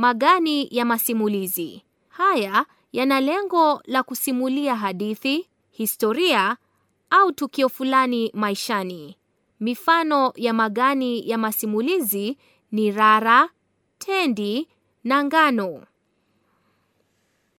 Magani ya masimulizi haya yana lengo la kusimulia hadithi, historia au tukio fulani maishani. Mifano ya magani ya masimulizi ni rara, tendi na ngano.